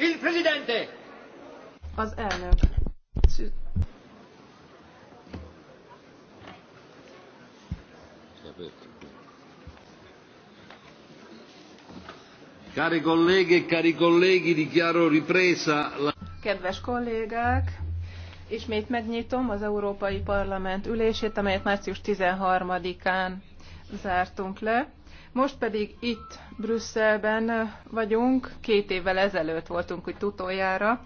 Il Presidente! Az elnök. Cari colleghe, e cari colleghi, dichiaro ripresa la... Kedves kollégák, ismét megnyitom az Európai Parlament ülését, amelyet március 13-án zártunk le. Most pedig itt Brüsszelben vagyunk, két évvel ezelőtt voltunk itt utoljára,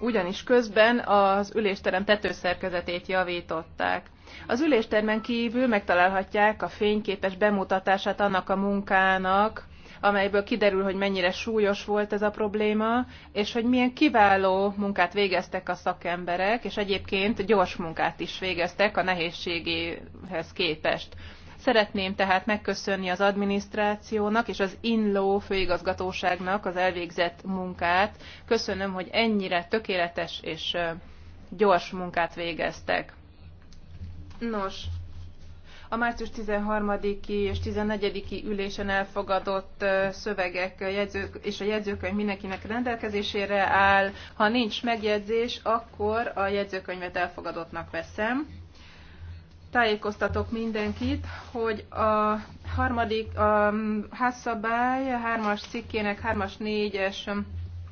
ugyanis közben az ülésterem tetőszerkezetét javították. Az üléstermen kívül megtalálhatják a fényképes bemutatását annak a munkának, amelyből kiderül, hogy mennyire súlyos volt ez a probléma, és hogy milyen kiváló munkát végeztek a szakemberek, és egyébként gyors munkát is végeztek a nehézségéhez képest. Szeretném tehát megköszönni az adminisztrációnak és az INLO főigazgatóságnak az elvégzett munkát. Köszönöm, hogy ennyire tökéletes és gyors munkát végeztek. Nos, a március 13-i és 14-i ülésen elfogadott szövegek jegyzők, és a jegyzőkönyv mindenkinek rendelkezésére áll. Ha nincs megjegyzés, akkor a jegyzőkönyvet elfogadottnak veszem tájékoztatok mindenkit, hogy a harmadik a mm, házszabály, a hármas cikkének, hármas négyes